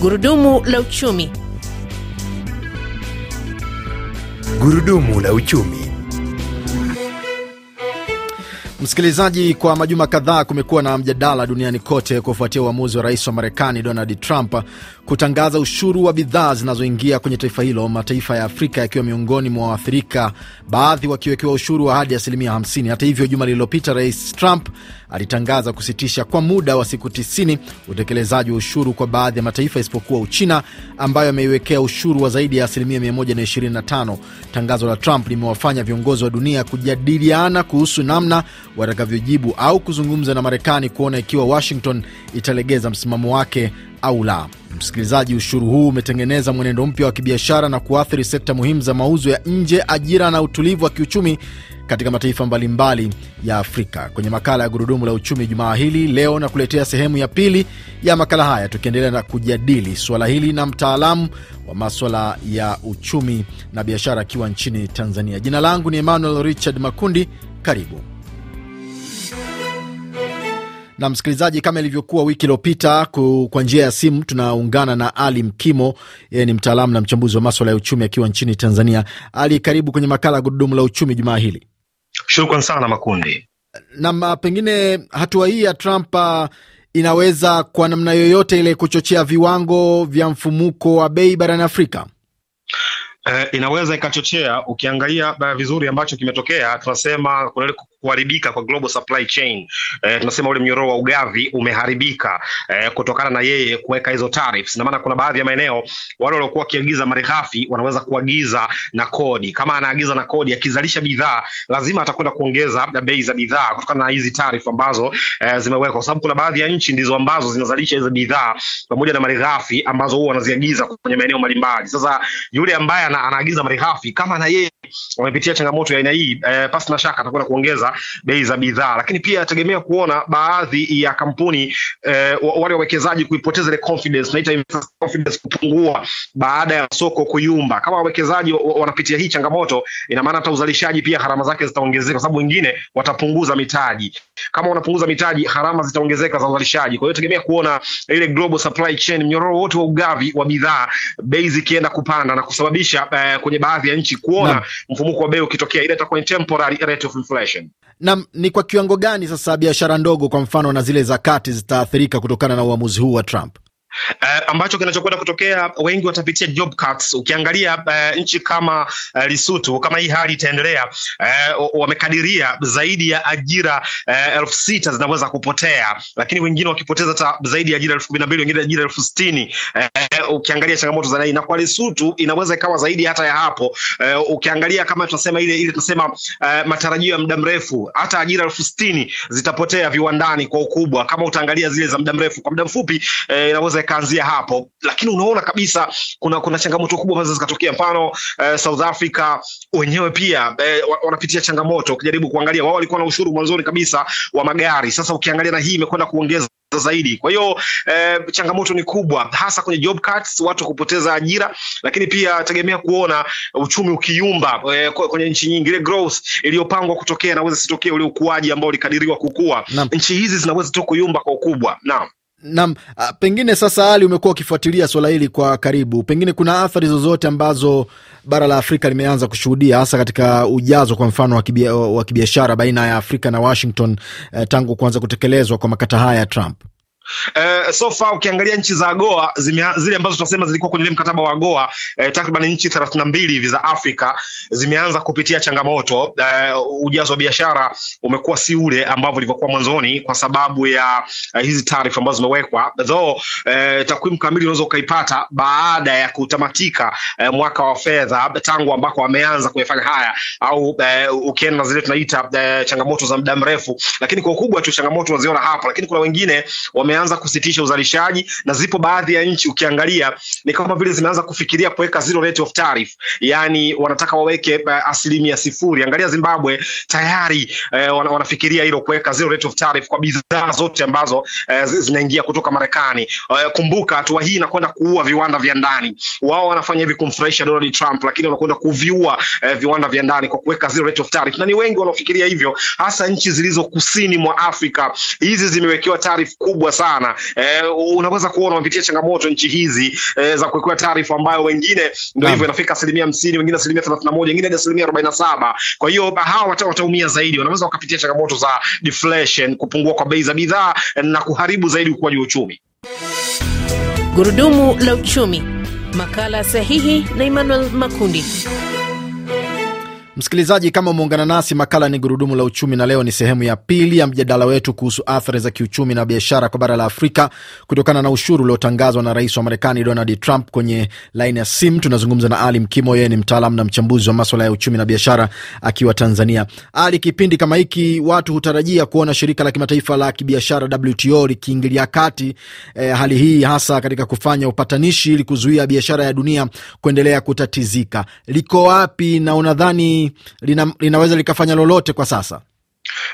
Gurudumu la uchumi. Gurudumu la uchumi. Msikilizaji, kwa majuma kadhaa kumekuwa na mjadala duniani kote kufuatia uamuzi wa rais wa Marekani Donald Trump kutangaza ushuru wa bidhaa zinazoingia kwenye taifa hilo, mataifa ya Afrika yakiwa miongoni mwa waathirika, baadhi wakiwekewa ushuru wa hadi asilimia 50. Hata hivyo, juma lililopita, Rais Trump alitangaza kusitisha kwa muda wa siku 90 utekelezaji wa ushuru kwa baadhi ya mataifa isipokuwa Uchina ambayo ameiwekea ushuru wa zaidi ya asilimia 125. Tangazo la Trump limewafanya viongozi wa dunia kujadiliana kuhusu namna watakavyojibu au kuzungumza na Marekani kuona ikiwa Washington italegeza msimamo wake au la. Msikilizaji, ushuru huu umetengeneza mwenendo mpya wa kibiashara na kuathiri sekta muhimu za mauzo ya nje, ajira na utulivu wa kiuchumi katika mataifa mbalimbali ya Afrika. Kwenye makala ya Gurudumu la Uchumi jumaa hili leo, na kuletea sehemu ya pili ya makala haya, tukiendelea na kujadili suala hili na mtaalamu wa maswala ya uchumi na biashara akiwa nchini Tanzania. Jina langu ni Emmanuel Richard Makundi. Karibu. Na msikilizaji, kama ilivyokuwa wiki iliyopita, kwa njia ya simu tunaungana na Ali Mkimo. Yeye ni mtaalamu na mchambuzi wa maswala ya uchumi akiwa nchini Tanzania. Ali, karibu kwenye makala ya gurudumu la uchumi jumaa hili. Shukran sana Makundi. Nam, pengine hatua hii ya Trump uh, inaweza kwa namna yoyote ile kuchochea viwango vya mfumuko wa bei barani Afrika? Uh, inaweza ikachochea. Ukiangalia uh, vizuri ambacho kimetokea, tunasema kuharibika kwa global supply chain. eh, tunasema ule mnyororo wa ugavi umeharibika eh, kutokana na yeye kuweka hizo tariffs. Na maana kuna baadhi ya maeneo wale waliokuwa wakiagiza malighafi wanaweza kuagiza na kodi. Kama anaagiza na kodi, akizalisha bidhaa lazima atakwenda kuongeza bei za bidhaa kutokana na hizi tariffs ambazo eh, zimewekwa, kwa sababu kuna baadhi ya nchi ndizo ambazo zinazalisha hizo bidhaa pamoja na malighafi ambazo huwa wanaziagiza kwenye maeneo mbalimbali. Sasa yule ambaye anaagiza malighafi kama na yeye wamepitia changamoto ya aina hii eh, pasi na shaka atakwenda kuongeza bei za bidhaa, lakini pia ategemea kuona baadhi ya kampuni eh, wale wawekezaji kuipoteza ile confidence, naita investor confidence kupungua baada ya soko kuyumba. Kama wawekezaji wanapitia hii changamoto, ina maana hata uzalishaji pia gharama zake zitaongezeka, kwa sababu wengine watapunguza mitaji. Kama wanapunguza mitaji, gharama zitaongezeka za uzalishaji. Kwa hiyo tegemea kuona ile global supply chain, mnyororo wote wa ugavi wa bidhaa, bei zikienda kupanda na kusababisha eh, kwenye baadhi ya nchi kuona na mfumuko wa bei ukitokea, ile itakuwa ni temporary rate of inflation. Na ni kwa kiwango gani sasa biashara ndogo, kwa mfano, na zile za kati zitaathirika kutokana na uamuzi huu wa Trump? Uh, ambacho kinachokwenda kutokea, wengi watapitia job cuts. Ukiangalia uh, nchi kama uh, Lesotho, kama hii hali itaendelea, uh, wamekadiria zaidi ya ajira uh, elfu sita zinaweza kupotea, lakini wengine wakipoteza hata zaidi ya ajira elfu kumi na mbili wengine ajira elfu sitini uh, ukiangalia changamoto za na kwa Lesotho inaweza ikawa zaidi hata ya hapo. Uh, ukiangalia kama tunasema ile ile tunasema uh, matarajio ya muda mrefu, hata ajira elfu sitini zitapotea viwandani kwa ukubwa, kama utaangalia zile za muda mrefu. Kwa muda mfupi uh, inaweza kaanzia hapo, lakini unaona kabisa kuna kuna changamoto kubwa ambazo zikatokea. Mfano eh, South Africa wenyewe pia eh, wanapitia changamoto. Ukijaribu kuangalia, wao walikuwa na ushuru mwanzoni kabisa wa magari, sasa ukiangalia na hii imekwenda kuongeza zaidi. Kwa hiyo eh, changamoto ni kubwa hasa kwenye job cuts, watu kupoteza ajira, lakini pia tegemea kuona uchumi ukiyumba eh, kwenye nchi nyingi, ile growth iliyopangwa kutokea inaweza sitokee, ule ukuaji ambao ulikadiriwa kukua. Nchi hizi zinaweza tu kuyumba kwa ukubwa. Naam nam ah, pengine sasa, hali umekuwa ukifuatilia swala hili kwa karibu, pengine kuna athari zozote ambazo bara la Afrika limeanza kushuhudia hasa katika ujazo kwa mfano wa kibiashara baina ya Afrika na Washington eh, tangu kuanza kutekelezwa kwa makata haya ya Trump? Eh, so far ukiangalia nchi za Goa zile ambazo tunasema zilikuwa kwenye mkataba wa Goa eh, takriban nchi 32 hivi za Afrika zimeanza kupitia changamoto eh, ujazo wa biashara umekuwa si ule ambao ulivyokuwa mwanzoni kwa sababu ya eh, hizi taarifa ambazo zimewekwa though eh, takwimu kamili unaweza ukaipata baada ya kutamatika eh, mwaka wa fedha tangu ambako wameanza kuyafanya haya au eh, ukienda zile tunaita eh, changamoto za muda mrefu, lakini kwa ukubwa tu changamoto unaziona hapa, lakini kuna wengine wame wameanza kusitisha uzalishaji, na zipo baadhi ya nchi ukiangalia ni kama vile zimeanza kufikiria kuweka zero rate of tariff, yani wanataka waweke eh, asilimia sifuri. Angalia Zimbabwe tayari eh, wana, wanafikiria hilo kuweka zero rate of tariff kwa bidhaa zote ambazo eh, zinaingia kutoka Marekani. Eh, kumbuka hatua hii inakwenda kuua viwanda vya ndani. Wao wanafanya hivi kumfurahisha Donald Trump, lakini wanakwenda kuviua eh, viwanda vya ndani kwa kuweka zero rate of tariff, na ni wengi wanaofikiria hivyo, hasa nchi zilizo kusini mwa Afrika. Hizi zimewekewa tariff kubwa sana sana. eh, unaweza kuona wamepitia changamoto nchi hizi eh, za kuwekea taarifa ambayo wengine ndio hivyo inafika asilimia hamsini, wengine asilimia thelathini na moja, wengine hadi asilimia arobaini na saba. Kwa hiyo hawa wata, wataumia zaidi, wanaweza wakapitia changamoto za deflation, kupungua kwa bei za bidhaa na kuharibu zaidi ukuaji wa uchumi. Gurudumu la uchumi, makala sahihi na Emmanuel Makundi. Msikilizaji, kama umeungana nasi, makala ni gurudumu la uchumi, na leo ni sehemu ya pili ya mjadala wetu kuhusu athari za kiuchumi na biashara kwa bara la Afrika kutokana na ushuru uliotangazwa na rais wa Marekani Donald Trump. Kwenye laini ya simu tunazungumza na Ali Mkimo, yeye ni mtaalam na mchambuzi wa maswala ya uchumi na biashara akiwa Tanzania. Ali, kipindi kama hiki watu hutarajia kuona shirika la kimataifa la kibiashara WTO likiingilia kati eh, hali hii hasa katika kufanya upatanishi ili kuzuia biashara ya dunia kuendelea kutatizika. Liko wapi na unadhani lina, linaweza likafanya lolote kwa sasa?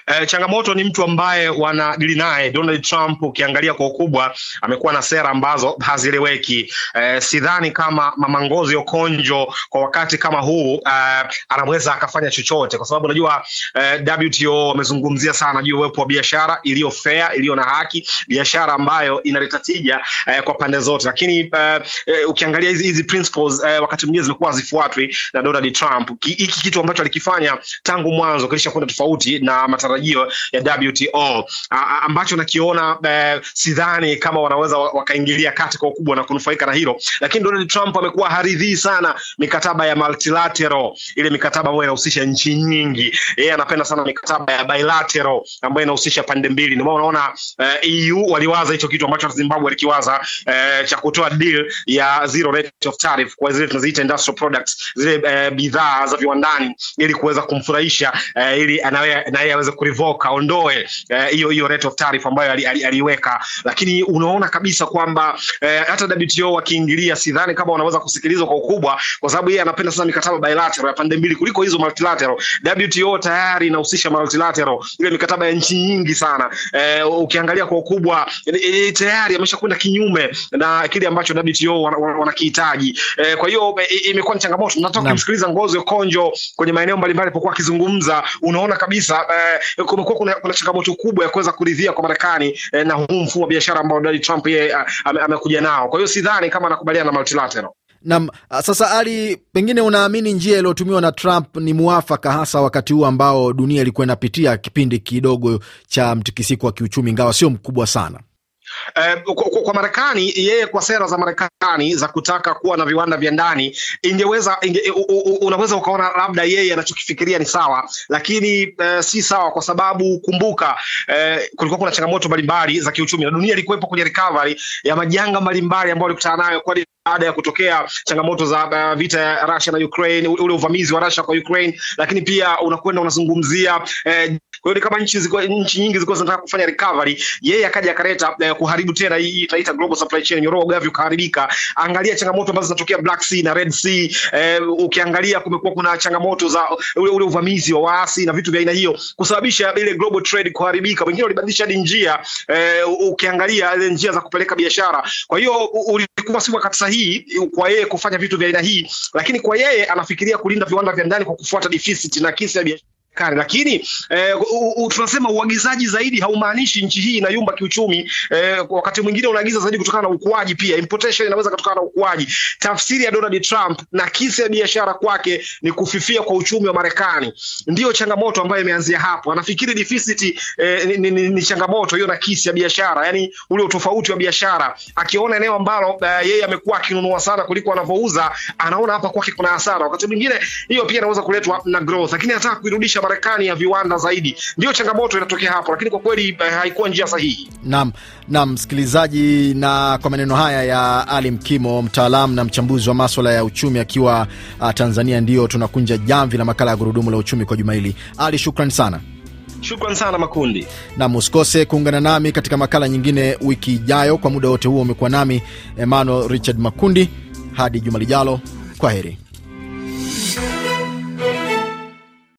Eh, changamoto ni mtu ambaye wanadili naye Donald Trump. Ukiangalia kwa ukubwa, amekuwa na sera ambazo hazieleweki. Eh, sidhani kama Mama Ngozi Okonjo kwa wakati kama huu eh, anaweza akafanya chochote, kwa sababu unajua eh, WTO wamezungumzia sana juu ya uwepo wa biashara iliyo fair, iliyo na haki, biashara ambayo inaleta tija eh, kwa pande zote, lakini eh, eh ukiangalia hizi hizi principles eh, wakati mwingine zimekuwa hazifuatwi na Donald Trump. Hiki kitu ambacho alikifanya tangu mwanzo kilishakwenda tofauti na matarajio ya WTO a, a, ambacho nakiona e, sidhani kama wanaweza wakaingilia kati kwa ukubwa na kunufaika na hilo, lakini Donald Trump amekuwa haridhii sana mikataba ya multilateral, ile mikataba ambayo inahusisha nchi nyingi. Yeye anapenda sana mikataba ya bilateral ambayo inahusisha pande mbili. Ndio maana unaona uh, e, EU waliwaza hicho kitu ambacho Zimbabwe alikiwaza uh, cha kutoa deal ya zero rate of tariff kwa zile tunaziita industrial products, zile uh, bidhaa za viwandani ili kuweza kumfurahisha uh, ili anawe, anawe anaweza kurevoke aondoe eh, hiyo eh, hiyo rate of tariff ambayo aliweka ali, ali lakini unaona kabisa kwamba eh, hata WTO wakiingilia, sidhani kama wanaweza kusikilizwa kwa ukubwa, kwa sababu yeye anapenda sana mikataba bilateral ya pande mbili kuliko hizo multilateral. WTO tayari inahusisha multilateral, ile mikataba ya nchi nyingi sana eh, ukiangalia kwa ukubwa eh, eh tayari ameshakwenda kinyume na kile ambacho WTO wanakihitaji wana, wana eh, kwa hiyo eh, imekuwa eh, ni changamoto. Natoka kumsikiliza Ngozi Okonjo kwenye maeneo mbalimbali pokuwa akizungumza, unaona kabisa eh, eh, kumekuwa kuna, kuna changamoto kubwa ya kuweza kuridhia kwa Marekani eh, na huu mfumo wa biashara ambao Donald Trump yeye amekuja ame nao. Kwa hiyo sidhani kama anakubaliana na multilateral. Nam, sasa Ali, pengine unaamini njia iliyotumiwa na Trump ni mwafaka, hasa wakati huu ambao dunia ilikuwa inapitia kipindi kidogo cha mtikisiko wa kiuchumi, ingawa sio mkubwa sana? eh, kwa, kwa Marekani yeye kwa sera za Marekani za kutaka kuwa na viwanda vya ndani ingeweza inge, unaweza ukaona labda yeye anachokifikiria ni sawa, lakini eh, si sawa kwa sababu kumbuka, eh, kulikuwa kuna changamoto mbalimbali za kiuchumi na dunia ilikuwepo kwenye recovery ya majanga mbalimbali ambayo alikutana nayo kwa baada ya kutokea changamoto za uh, vita ya Russia na Ukraine, ule uvamizi wa Russia kwa Ukraine, lakini pia unakwenda unazungumzia eh, kwa hiyo ni kama nchi ziko, nchi nyingi ziko zinataka kufanya recovery, yeye akaja akaleta eh, kuharibu tena hii itaita global supply chain, nyororo gavi ukaharibika. Angalia changamoto ambazo zinatokea Black Sea na Red Sea eh, ukiangalia kumekuwa kuna changamoto za ule, ule uvamizi wa waasi na vitu vya aina hiyo kusababisha ile global trade kuharibika. Wengine walibadilisha hadi njia eh, ukiangalia ile njia za kupeleka biashara. Kwa hiyo ulikuwa si wakati sahihi kwa yeye kufanya vitu vya aina hii, lakini kwa yeye anafikiria kulinda viwanda vya ndani kwa kufuata deficit na kisi ya biashara Kare, lakini eh, u, u, tunasema uagizaji zaidi haumaanishi nchi hii inayumba kiuchumi. Eh, wakati mwingine unaagiza zaidi kutokana na ukuaji, pia importation inaweza kutokana na ukuaji. Tafsiri ya Donald Trump na kisa ya biashara kwake ni kufifia kwa uchumi wa Marekani, ndio changamoto ambayo imeanzia hapo. Anafikiri deficit eh, ni, ni, ni, ni changamoto hiyo na kisa ya biashara, yani ule utofauti wa biashara, akiona eneo ambalo eh, yeye amekuwa akinunua sana kuliko anavyouza, anaona hapa kwake kuna hasara. Wakati mwingine hiyo pia inaweza kuletwa na growth, lakini anataka kuirudisha Marekani ya viwanda zaidi. ndio changamoto inatokea hapo, lakini kwa kweli eh, haikuwa njia sahihi. Naam, naam, msikilizaji, na kwa maneno haya ya Ali Mkimo, mtaalamu na mchambuzi wa maswala ya uchumi akiwa ah, Tanzania, ndio tunakunja jamvi la makala ya gurudumu la uchumi kwa juma hili. Ali, shukran sana. Shukran sana Makundi, nam usikose kuungana nami katika makala nyingine wiki ijayo. Kwa muda wote huo umekuwa nami Emmanuel Richard Makundi, hadi juma lijalo, kwa heri.